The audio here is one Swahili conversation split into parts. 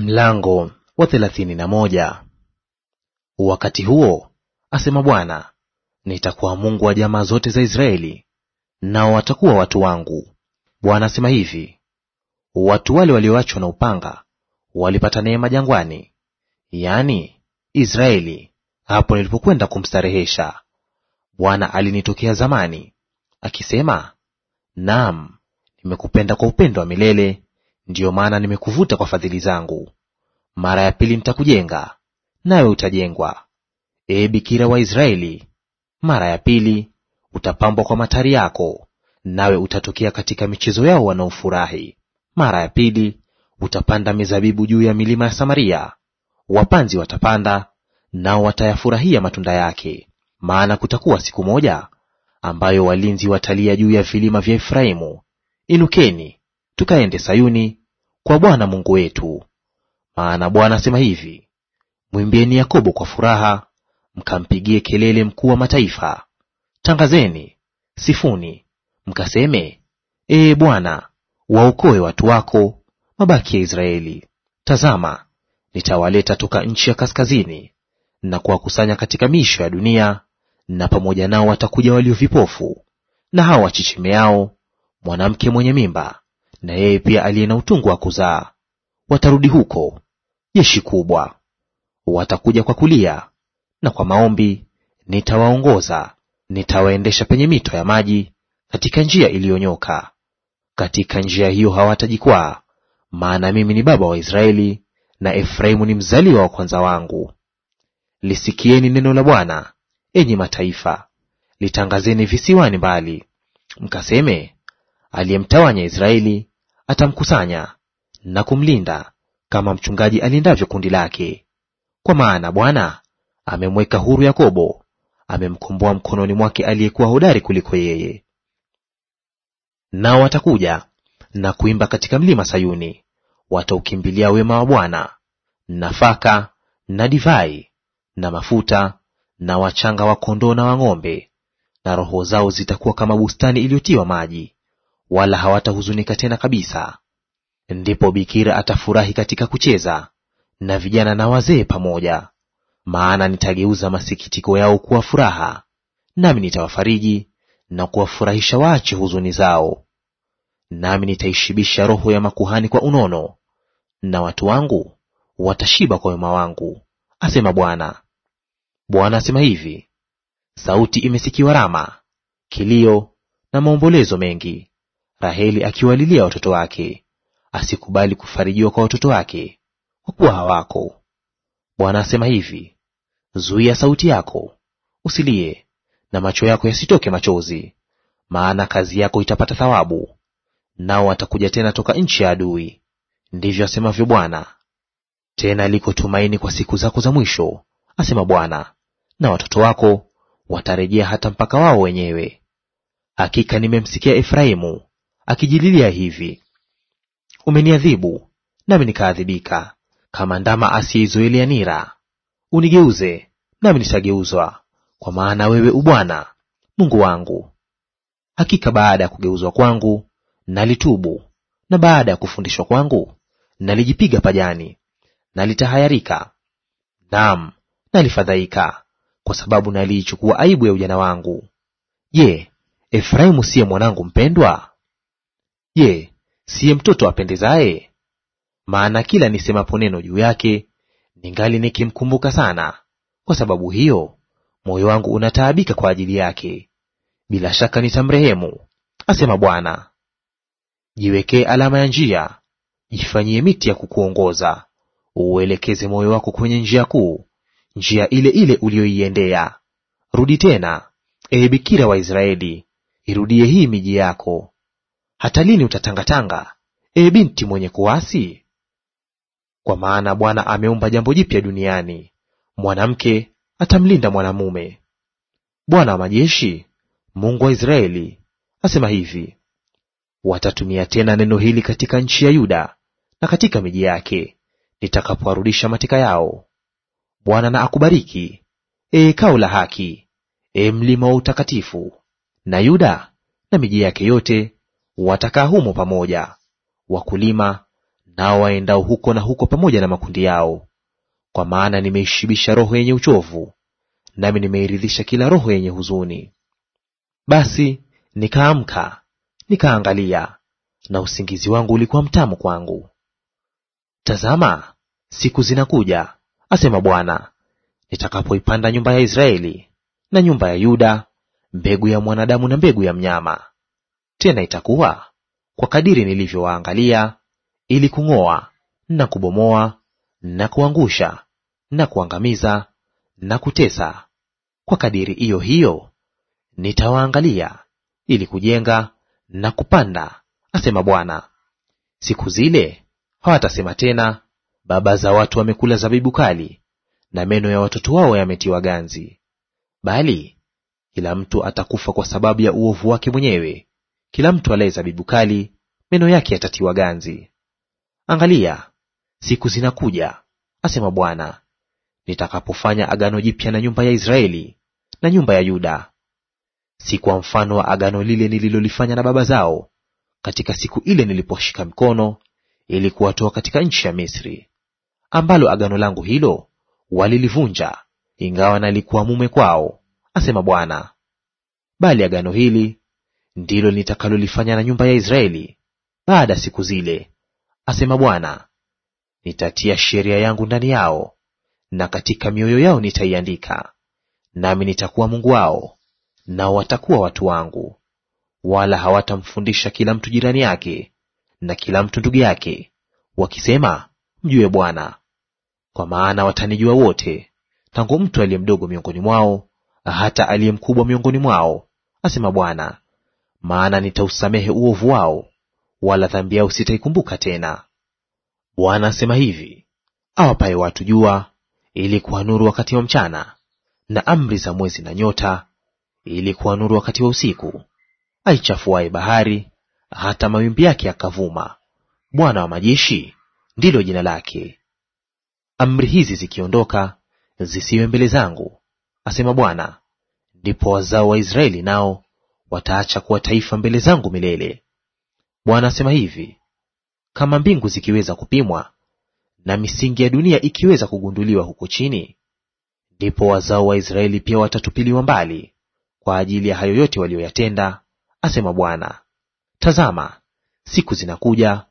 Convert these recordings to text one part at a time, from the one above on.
Mlango wa thelathini na moja. Wakati huo asema Bwana, nitakuwa Mungu wa jamaa zote za Israeli, nao watakuwa watu wangu. Bwana asema hivi, watu wale walioachwa na upanga walipata neema jangwani, yaani Israeli, hapo nilipokwenda kumstarehesha. Bwana alinitokea zamani akisema, naam, nimekupenda kwa upendo wa milele, Ndiyo maana nimekuvuta kwa fadhili zangu. Mara ya pili nitakujenga, nawe utajengwa, ee Bikira wa Israeli. Mara ya pili utapambwa kwa matari yako, nawe utatokea katika michezo yao wanaofurahi. Mara ya pili utapanda mizabibu juu ya milima ya Samaria, wapanzi watapanda, nao watayafurahia matunda yake. Maana kutakuwa siku moja ambayo walinzi watalia juu ya vilima vya Efraimu, inukeni tukaende Sayuni, kwa Bwana Mungu wetu. Maana Bwana asema hivi, mwimbieni Yakobo kwa furaha, mkampigie kelele mkuu wa mataifa. Tangazeni, sifuni, mkaseme, Ee Bwana, waokoe watu wako, mabaki ya Israeli. Tazama, nitawaleta toka nchi ya kaskazini na kuwakusanya katika miisho ya dunia, na pamoja nao watakuja walio vipofu na hao wachichemeao, mwanamke mwenye mimba na yeye pia aliye na utungu wa kuzaa watarudi huko, jeshi kubwa. Watakuja kwa kulia na kwa maombi, nitawaongoza; nitawaendesha penye mito ya maji, katika njia iliyonyoka. Katika njia hiyo hawatajikwaa, maana mimi ni baba wa Israeli, na Efraimu ni mzaliwa wa kwanza wangu. Lisikieni neno la Bwana, enyi mataifa; litangazeni visiwani mbali, mkaseme aliyemtawanya Israeli atamkusanya na kumlinda kama mchungaji alindavyo kundi lake. Kwa maana Bwana amemweka huru Yakobo, amemkomboa mkononi mwake aliyekuwa hodari kuliko yeye. Nao watakuja na kuimba katika mlima Sayuni, wataukimbilia wema wa Bwana, nafaka na divai na mafuta na wachanga wa kondoo na wang'ombe, na roho zao zitakuwa kama bustani iliyotiwa maji, wala hawatahuzunika tena kabisa. Ndipo bikira atafurahi katika kucheza, na vijana na wazee pamoja. Maana nitageuza masikitiko yao kuwa furaha, nami nitawafariji na kuwafurahisha waache huzuni zao. Nami nitaishibisha roho ya makuhani kwa unono, na watu wangu watashiba kwa wema wangu, asema Bwana. Bwana asema hivi: sauti imesikiwa Rama, kilio na maombolezo mengi, Raheli akiwalilia watoto wake, asikubali kufarijiwa kwa watoto wake, kwa kuwa hawako. Bwana asema hivi, zuia sauti yako, usilie, na macho yako yasitoke machozi, maana kazi yako itapata thawabu, nao watakuja tena toka nchi ya adui. Ndivyo asemavyo Bwana. Tena liko tumaini kwa siku zako za mwisho, asema Bwana, na watoto wako watarejea hata mpaka wao wenyewe. Hakika nimemsikia Efraimu akijililia hivi, umeniadhibu nami nikaadhibika, kama ndama asiyeizoelea nira. Unigeuze nami nitageuzwa, kwa maana wewe uBwana Mungu wangu. Hakika baada ya kugeuzwa kwangu nalitubu, na baada ya kufundishwa kwangu nalijipiga pajani, nalitahayarika, naam, nalifadhaika, kwa sababu naliichukua aibu ya ujana wangu. Je, Efraimu siye mwanangu mpendwa? Je, siye mtoto apendezaye? Maana kila nisemapo neno juu yake ningali nikimkumbuka sana; kwa sababu hiyo moyo wangu unataabika kwa ajili yake. Bila shaka nitamrehemu, asema Bwana. Jiwekee alama ya njia, jifanyie miti ya kukuongoza, uuelekeze moyo wako kwenye njia kuu, njia ile ile uliyoiendea. Rudi tena, ee Bikira wa Israeli, irudie hii miji yako. Hata lini utatangatanga, e binti mwenye kuasi? Kwa maana Bwana ameumba jambo jipya duniani, mwanamke atamlinda mwanamume. Bwana wa majeshi, Mungu wa Israeli, asema hivi: watatumia tena neno hili katika nchi ya Yuda na katika miji yake, nitakapowarudisha mateka yao. Bwana na akubariki, e kao la haki, e mlima wa utakatifu, na Yuda na miji yake yote Watakaa humo pamoja, wakulima nao waendao huko na huko pamoja na makundi yao. Kwa maana nimeishibisha roho yenye uchovu, nami nimeiridhisha kila roho yenye huzuni. Basi nikaamka, nikaangalia, na usingizi wangu ulikuwa mtamu kwangu. Tazama, siku zinakuja, asema Bwana, nitakapoipanda nyumba ya Israeli na nyumba ya Yuda, mbegu ya mwanadamu na mbegu ya mnyama, tena itakuwa kwa kadiri nilivyowaangalia, ili kung'oa na kubomoa na kuangusha na kuangamiza na kutesa, kwa kadiri iyo hiyo nitawaangalia, ili kujenga na kupanda, asema Bwana. Siku zile hawatasema tena, baba za watu wamekula zabibu kali, na meno ya watoto wao yametiwa ganzi; bali kila mtu atakufa kwa sababu ya uovu wake mwenyewe kila mtu alaye zabibu kali, meno yake yatatiwa ganzi. Angalia, siku zinakuja, asema Bwana, nitakapofanya agano jipya na nyumba ya Israeli na nyumba ya Yuda, si kwa mfano wa agano lile nililolifanya na baba zao katika siku ile niliposhika mkono ili kuwatoa katika nchi ya Misri, ambalo agano langu hilo walilivunja, ingawa nalikuwa mume kwao, asema Bwana. Bali agano hili ndilo nitakalolifanya na nyumba ya Israeli baada ya siku zile, asema Bwana. Nitatia sheria yangu ndani yao, na katika mioyo yao nitaiandika. Nami nitakuwa Mungu wao, nao watakuwa watu wangu. Wala hawatamfundisha kila mtu jirani yake na kila mtu ndugu yake, wakisema, Mjue Bwana. Kwa maana watanijua wote, tangu mtu aliye mdogo miongoni mwao hata aliye mkubwa miongoni mwao, asema Bwana, maana nitausamehe uovu wao, wala dhambi yao sitaikumbuka tena. Bwana asema hivi, awapaye watu jua ili kuwa nuru wakati wa mchana, na amri za mwezi na nyota ili kuwa nuru wakati wa usiku, aichafuaye bahari hata mawimbi yake yakavuma, Bwana wa majeshi ndilo jina lake. Amri hizi zikiondoka zisiwe mbele zangu, asema Bwana, ndipo wazao wa Israeli nao wataacha kuwa taifa mbele zangu milele. Bwana asema hivi, kama mbingu zikiweza kupimwa na misingi ya dunia ikiweza kugunduliwa huko chini, ndipo wazao wa Israeli pia watatupiliwa mbali kwa ajili ya hayo yote waliyoyatenda, asema Bwana. Tazama, siku zinakuja,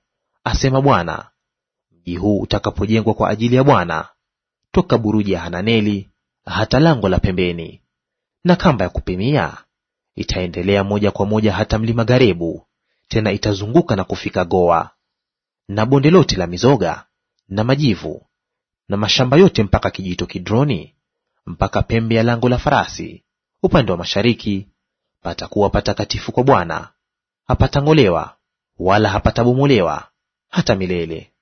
asema Bwana, mji huu utakapojengwa kwa ajili ya Bwana, toka buruji ya Hananeli hata lango la pembeni, na kamba ya kupimia Itaendelea moja kwa moja hata mlima Garebu, tena itazunguka na kufika Goa, na bonde lote la mizoga na majivu na mashamba yote mpaka kijito Kidroni, mpaka pembe ya lango la farasi upande wa mashariki. Patakuwa patakatifu kwa Bwana, hapatang'olewa wala hapatabomolewa hata milele.